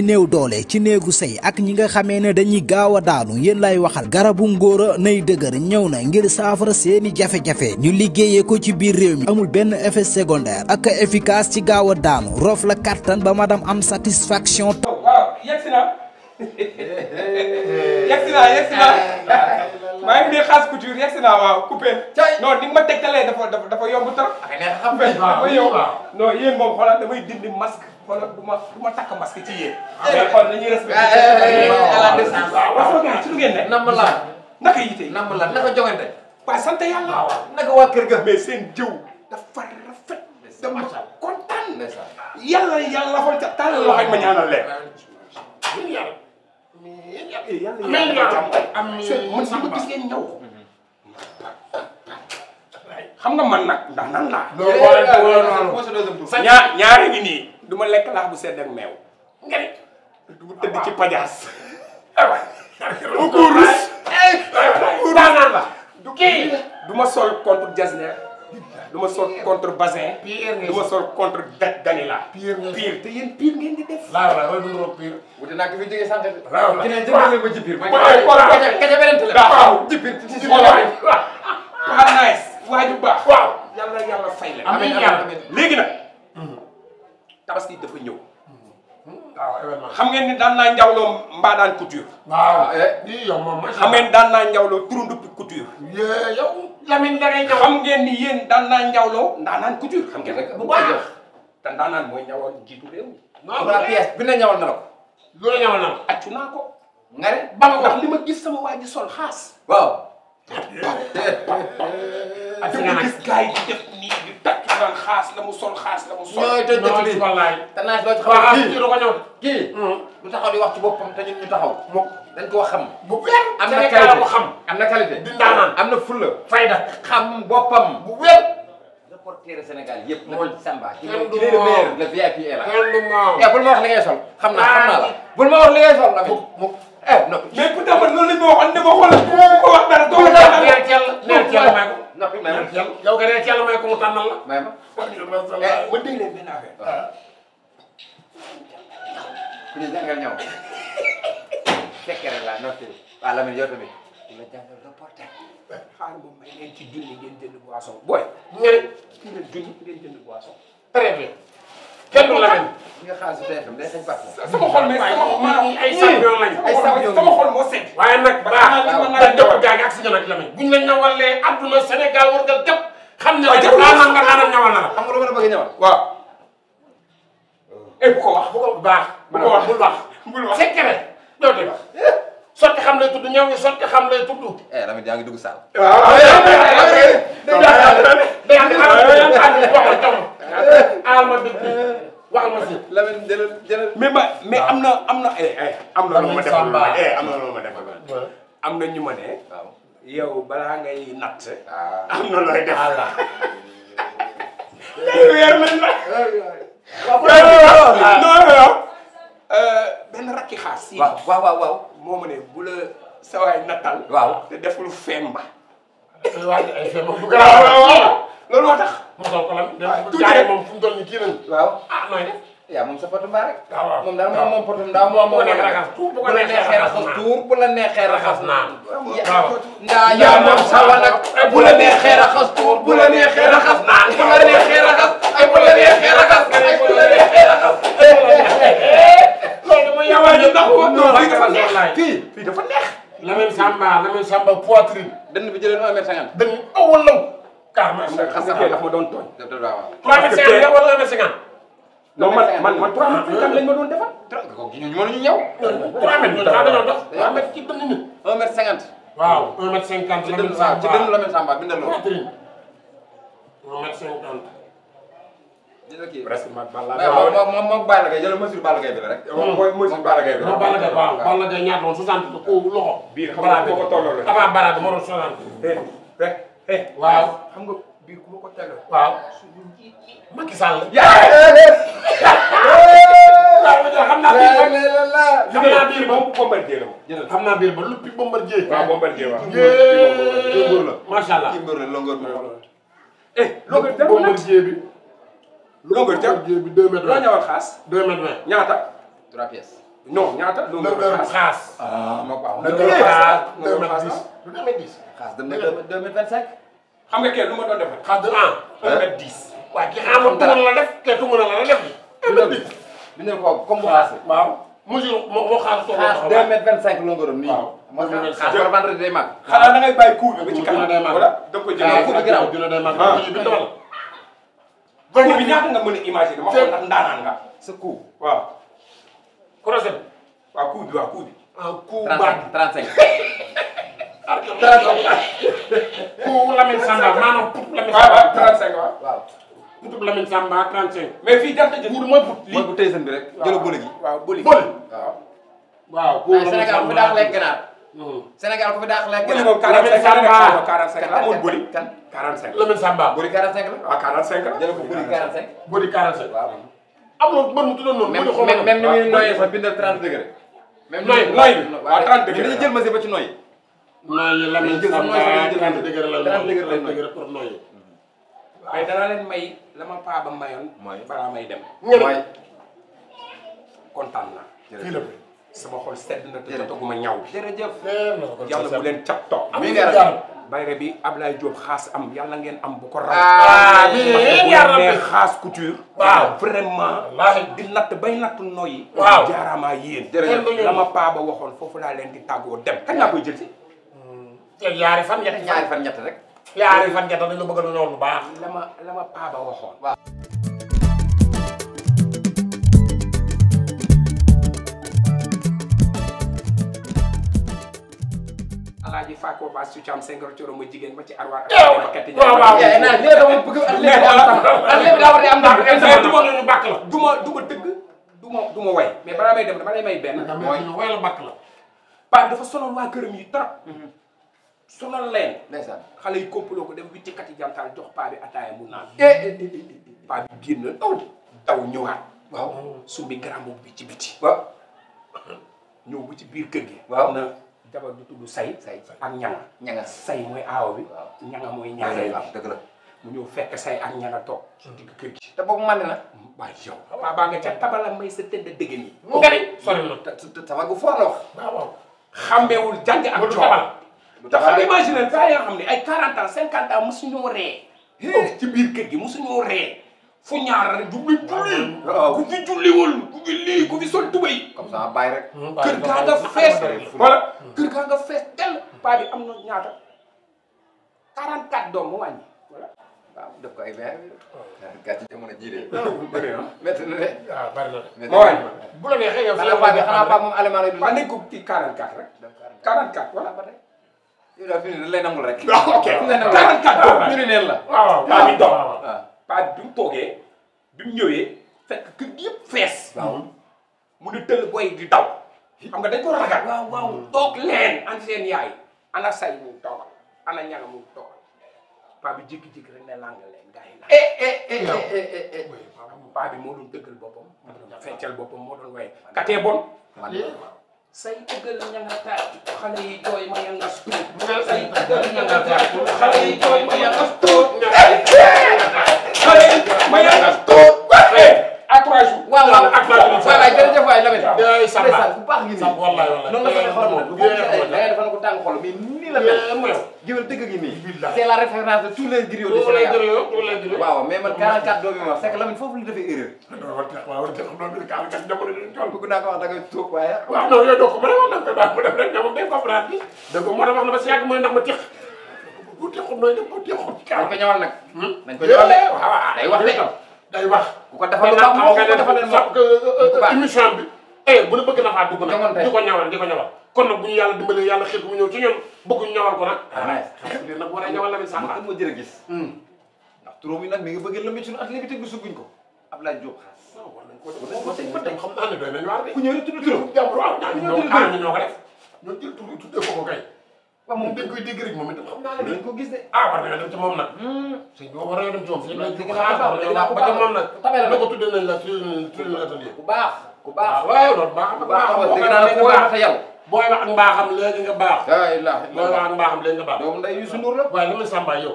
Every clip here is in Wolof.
ñi néew doole ci néegu sëy ak ñi nga xamee ne dañuy gaaw a daanu yéen lay waxal garabu ngóora nay dëgër ñëw na ngir saafara seeni jafe-jafe ñu liggéeye ko ci biir réew mi amul benn effet secondaire ak efficace ci gaaw a daanu roof la kàttan ba madame am satisfaction yegsi naa yegsi naa maa ngi dee xaas couture yegsi naa waaw coupé non ni ma tegtalee dafa dafa dafa yomb trop. dafa yomb moom xoolal damay dindi masque. xoolal bu ma bu ma takk masque ci yéen. Ah, mais kon nañuy respecté. Eh, eh, eh, waaw ci lu ngeen ne. nam la sant yàlla. waa kër ga. mais seen jëw dafa rafet. dama kontaan. yàlla yàlla xool ca tàllal loxo ma ñaanal leen. yàlla yàlla gis xam nga man nag ndax nan laa. loolu ñaar ñaari ngi nii. du ma lekk laax bu sedd ak meew nga ne bu tëdd ci pajaas bu ko rus daanaan la du kii du ma sol contre jasner du ma sol contre bazin du ma sol contre danila pire te yéen pire ngeen di def laaw la loolu dundoo pire wute naa ko fi jógee sànq de laaw la dina jëmale ma ci pire kaca beneen la waaw ci pire ci pire waaw nice waaju baax waaw yàlla yàlla fay la amiin yàlla léegi nag tabaski dafa ñëw. waaw hmm. ah, xam ngeen ni daan naa njawloo mbaadaan couture. waaw ah, eh yow moom macha xam ngeen daan naa njawloo turundup couture. yow Lamine da ngay njawloo xam ngeen ni yéen daan naa njawloo ndaanaan couture xam ngeen rek bu baax te ndaanaan mooy ñawal jiitu réew mi. non non pièce bi na ñawal na la ko. ko. accu naa ko. nga ne ba ma ko ndax li ma gis sama waa ji sol xaas. waaw. xaas la mu sol xaas la mu sol. ñooy toj dëkk bi wallaay. te naaj loo ci xam ne kii waaw am kii. du hmm. taxaw di wax ci boppam te ñun ñu taxaw. moom dañ ko xam. bu wér am na qualité ko xam. am na qualité di ndaanaan am na fulla. fayda xam boppam bu wér. reporter Sénégal yëpp. mooy Samba ci loolu ci le meilleur le VIP est là. kenn du eh, ma wax li ngay sol. xam naa xam naa la bul ma wax li ngay sol. mu mu eh non. ko rek yàlla may ko mu tànnal la. may ma eh, ma dégg leen benn affaire. waaw. Ah. ku ñu jàngal ñaw. fekkere la noo tëdd. Ah, waaw Lamine yow tamit. ku la jàngal reporter. Eh. xaaral moom may ngeen ci julli ngeen jënd boisson. booy ñëri. ci ngeen julli ngeen jënd boisson. très bien. kenn du Lamine. nga xaalis su TFM day sañ parti. sama xol mais sama ay champion lañu. ay champion sama xol moo set. waaye nag balaa dañ doon jaay ak sa nag Lamine. buñ la ñawalee adduna Sénégal war nga gëpp. xam ne la naan nga naanal ñamal na la. xam nga lu ma la bëgg a ñamal waaw. et bu ko wax bu ko baax. bu ko wax bul wax bul wax sekkere doo dégg sotti xam lay tudd ñëw ñu sotti xam lay tudd. Ramit yaa ngi dugg Sall. waaw waaw ma si. Lamine jëlal jëlal. mais ma mais am na am na. am na lu ma def am na lu ma def am na ñu ma yow balaa ngay natt. Ah. am na looy def. weer nañ la. non non euh, benn rakki xaas. waaw waaw waaw. moo ma ne bu la sawaay nattal. waaw te deful femba. waaw femba bu gën a. waaw waaw loolu moo tax. mu soog ko lan. waaw tuuti rek moom fu mu toll nii kii nañ. waaw ah nooy def. yaa moom sa potu mbaa rek. Ah, waaw moom daal ah. moom moom potu mbaa moom moo nekk raxas tuur bu ko neexee raxas tuur bu la neexee raxas naan. Ah, waaw ndaa yaa moom sa wanag bu la neexee raxas tuur bu la neexee raxas naan bu la neexee raxas ay bu la neexee raxas ay bu la neexee raxas. loolu mooy yow ñu ndax ko non fii dafa neex fii fii dafa neex. Lamine Samba Lamine Samba poitrine. dënn bi jëlee na 1 mètre 50. dënn awoon law. 4 mètre 50 dafa doon tooñ. waaw waaw. 3 mètre 50 wala 1 mètre 50. non man man man 3 mètres 50 lañ ma doon defal. kooku ñu mënuñu ñëw. 3 mètres daa doon dox. 3 mètres ci dënnu ñu. 1 mètre 50. waaw 1 mètre 50. ci dënnu waaw ci dënnu la mètre Samba bi ndel loolu. 1 mètre 50. presque man Balla Gaye moom moom Balla Gaye jël mesure Balla Gaye bi la rek. Hmm. mooy mesure Balla Gaye bi la. Balla Gaye waaw Balla Gaye ñaata woon 60 ko loxo. biir xam nga ko tolloo la avant Balla Gaye moo doon 60. rek rek waaw xam nga. biir ku ma ko tegal. waaw Macky Sall. yaa ngi xam naa biir xam naa biir moom Bombardier la moom. xam naa biir ba luppi Bombardier. waaw Bombardier waaw. góor la macha allah góor la longoor bi. eh longoor bi Bombardier bi. longoor bi deux mètres vingt ñawal xaas. deux mètres vingt ñaata. trois pièces. non ñaata. longoor xaas. ah ma ko am. deux mètres xaas deux mètres dix. xaas dem na deux mètres vingt cinq. xam lu ma doon defal. xaar dëgg ah. un mètre dix. waaw kii xam nga la def na la def. un mètre dix. bi ñu ko comme bu xaas ah, waaw. mesure moo moo xaar soxla xaar deux mètres vingt cinq longueur am nii. waaw moo xaar xaar vendredi day màgg. xanaa bi ba ci kanam. wala da ah, bi waaw dina ah. nga mën a imaginer ma xool ndax ndaanaan nga. sa kuur waaw. croisé waaw en coup baat 35 ku Lamine Samba maanaam putub Lamine. waaw waaw 35 waaw waaw. putub Lamine Samba 35. mais fii jant jël pour mooy put. lii bu tey seen bi rek. waaw jël bële gi. waaw bële gi waaw. waaw ku Lamine Sénégal ku fi daax lekk ganaar. Sénégal ku fi daax lekk ganaar. Lamine Samba 45 la amul bëli. kan 45 Lamine Samba. bëli 45 la waaw 45 la. jël ko bëli 45. bëli 45 waaw. amoon man mu tuddoon noonu. même même ni muy nooyee sax bindal 30 degré. mais nooy nooy a waaw 30 degré la jël mesure ba ci nooy. nooy la muy jël sa nooy sa jël 30 degré may la ma paa ba mayoon. mooy balaa may dem. mooy kontaan naa. fii la sama xol sedd na te jotaguma ñaw. jërëjëf yàlla bu leen cap toog. amiin bayre bi Ablaye Diop xaas am yàlla ngeen am bu ko raw. amiin yàlla bu xaas couture. waaw vraiment. di natt bay natt nooy waaw jaaraama yéen. jërëjëf la ma paa waxoon foofu laa leen di tàggoo dem. kañ laa koy jël si. yaari hmm. eh, fan ñett ñaari fan ñett rek. yaari fan ñett dañu la bëgg baax. la ma la ma paa ba waxoon. faako baas su caam sengor coro ma jigéen ba ci arwaar akati waaw la ma du ma tëgg du ma du ma way mais balaa may dem dama lay may benn mooy la la paa dafa sonal waa këram ko dem witti kati jantaal jox paa bi ataaya mu naan paa bi génn daw daw ñëwaat waaw sumbi garambu bi ci biti waaw ñëw bu ci biir kër gi waaw na jabar ju tudd say ak ñanga ñanga say mooy aaw bi ñanga mooy ñaareel bi dëgg la mu ñëw fekk say a ñanga toog ci mm. digg kër gi te boobu man na mm, waaye yow waa baa nga ca tabala may sa tëdd dëgg nii nga ne sori na sama gu foor la wax xàmmeewul jàng ak te xam imagine gaa yoo xam ne ay 40 ans 50 ans mosuñoo ree ci biir kër gi mosuñoo ree fu ñaar jubli julli. ku fi ku fi lii ku fi sol tubay. comme ça bàyyi rek. Hmm, kër gaa fees. voilà kër gaa nga fees tel. paa am na ñaata 44 doom mu wàññi voilà. waaw def ko ay weer. Hmm. Ah, gàtt jamono ji de. Hmm, bëri na métti na de. Ah, na de. mooy bu la neexee yow. xanaa paa bi xanaa paa moom allemand lay dund. waaw nañ rek. 44 voilà. yow daal ne lay nangul rek. Ah, ok 44 doom ñu ne neen la. waaw paa bi mu toogee bi mu ñëwee fekk kër gi yëpp fees. mu ne tëll booy di daw. xam nga dañ ko ragal. waaw waaw toog leen an seen yaay. ana say mu toogal ana ñaga mu toogal paa bi jékki-jékki rek ne làng leen gars yi la. eh bi moo doon dëggal boppam. moo doon feccal boppam moo doon waye katee bon. say dëggal ñanga taay xale yi jooy ma yanga yi jooy ma yanga suur. baax gi nii sax wallaahi wallaahi noonu la ko xool la da ngay defal ko tàng xol mais nii la mel géwél dëgg gi nii c'est la référence de tous les griots du Sénégal waaw mais man 44 doo bi ma c'est que Lamine foofu la defee erreur waaw war tax doo bi 44 jamono ñu toll bëgg naa ko wax da ngay toog waaye waaw non yooyu doo ko mën a wax nag ba mu def rek dama day comprendre bi da ko moo tax wax na ba si yàgg mooy ndax ma tex bu texul nooy def bu texul dañ ko ñëwal nag hmm? dañ ko ñëwal eh, day wax day wax ku ko defal lu baax moo ko defal leen euh, euh, émission bi aye eh, bu ne bëgg na faa dugg nag di ko ñawal di ko ñawal kon nag bu ñu yàlla dimbalee yàlla xir mu ñëw ci ñun bëgguñ ñawal ko nag dé ah, nag war a ñawal la mi sàmba ma jërë gis hmm. ndax turóom yi nag mi ngi bëgg lëmbi suñu at li bi teg suguñ ko Ablaye Diop xaas war nañ ko def ko tey xam naa ne doy nañ waar de ku ñëw rek tudd turam jàmbur waaw ñaan ñoo ko def ñoo jël tur tuddee ko ko kay waaw moom dañ koy dégg rek moom itam xam naa ne dañ ko gis de ah war nañoo dem ci moom nag hmm. sëñ bi war nañoo dem ci moom sëñ bi war nañoo dem ci moom nag ko tuddee nañ la tuddee nañ atelier bu baax ku baax waaw loolu baax na baax na dëgg naa ku baax te yow booy wax ak mbaaxam léegi nga baax la ilaha illallah booy wax ak mbaaxam léegi nga baax doomu nday Youssou Ndour la waaye li ma samba yow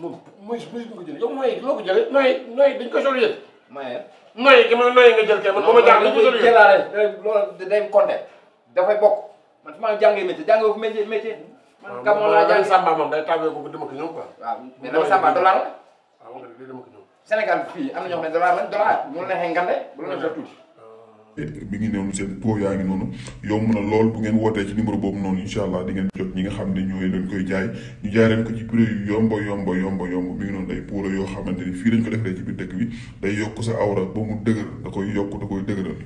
moom muy muy nga ko jëlee yow mooy loo ko jëlee nooy nooy dañ ko sol yël maye nooy gi ma nooy nga jël kay man ba ma jàng dañ ko sol yël loolu day compté dafay bokk man maa jàngee métier jàngee fu métier métier man kam laa jàng samba moom day tawee ko dama ko ñëw quoi waaw mais dama samba dollar la waaw dama ko ñëw Sénégal fii am na ñoo xam ne dollar lañ dollar bu la neexee ngande bu la neexee tuuti mi ngi noonu seen po yaa ngi noonu yomb na lool bu ngeen wootee ci numéro boobu noonu incha allah di ngeen jot ñi nga xam ne ñooy leen koy jaay ñu jaay leen ko ci prix yu yomba yomba yomba yomb mi ngi noonu day po la yoo xamante ni fii lañ ko defee ci biir dëkk bi day yokk sa awra ba mu dëgër da koy yokk da koy dëgëral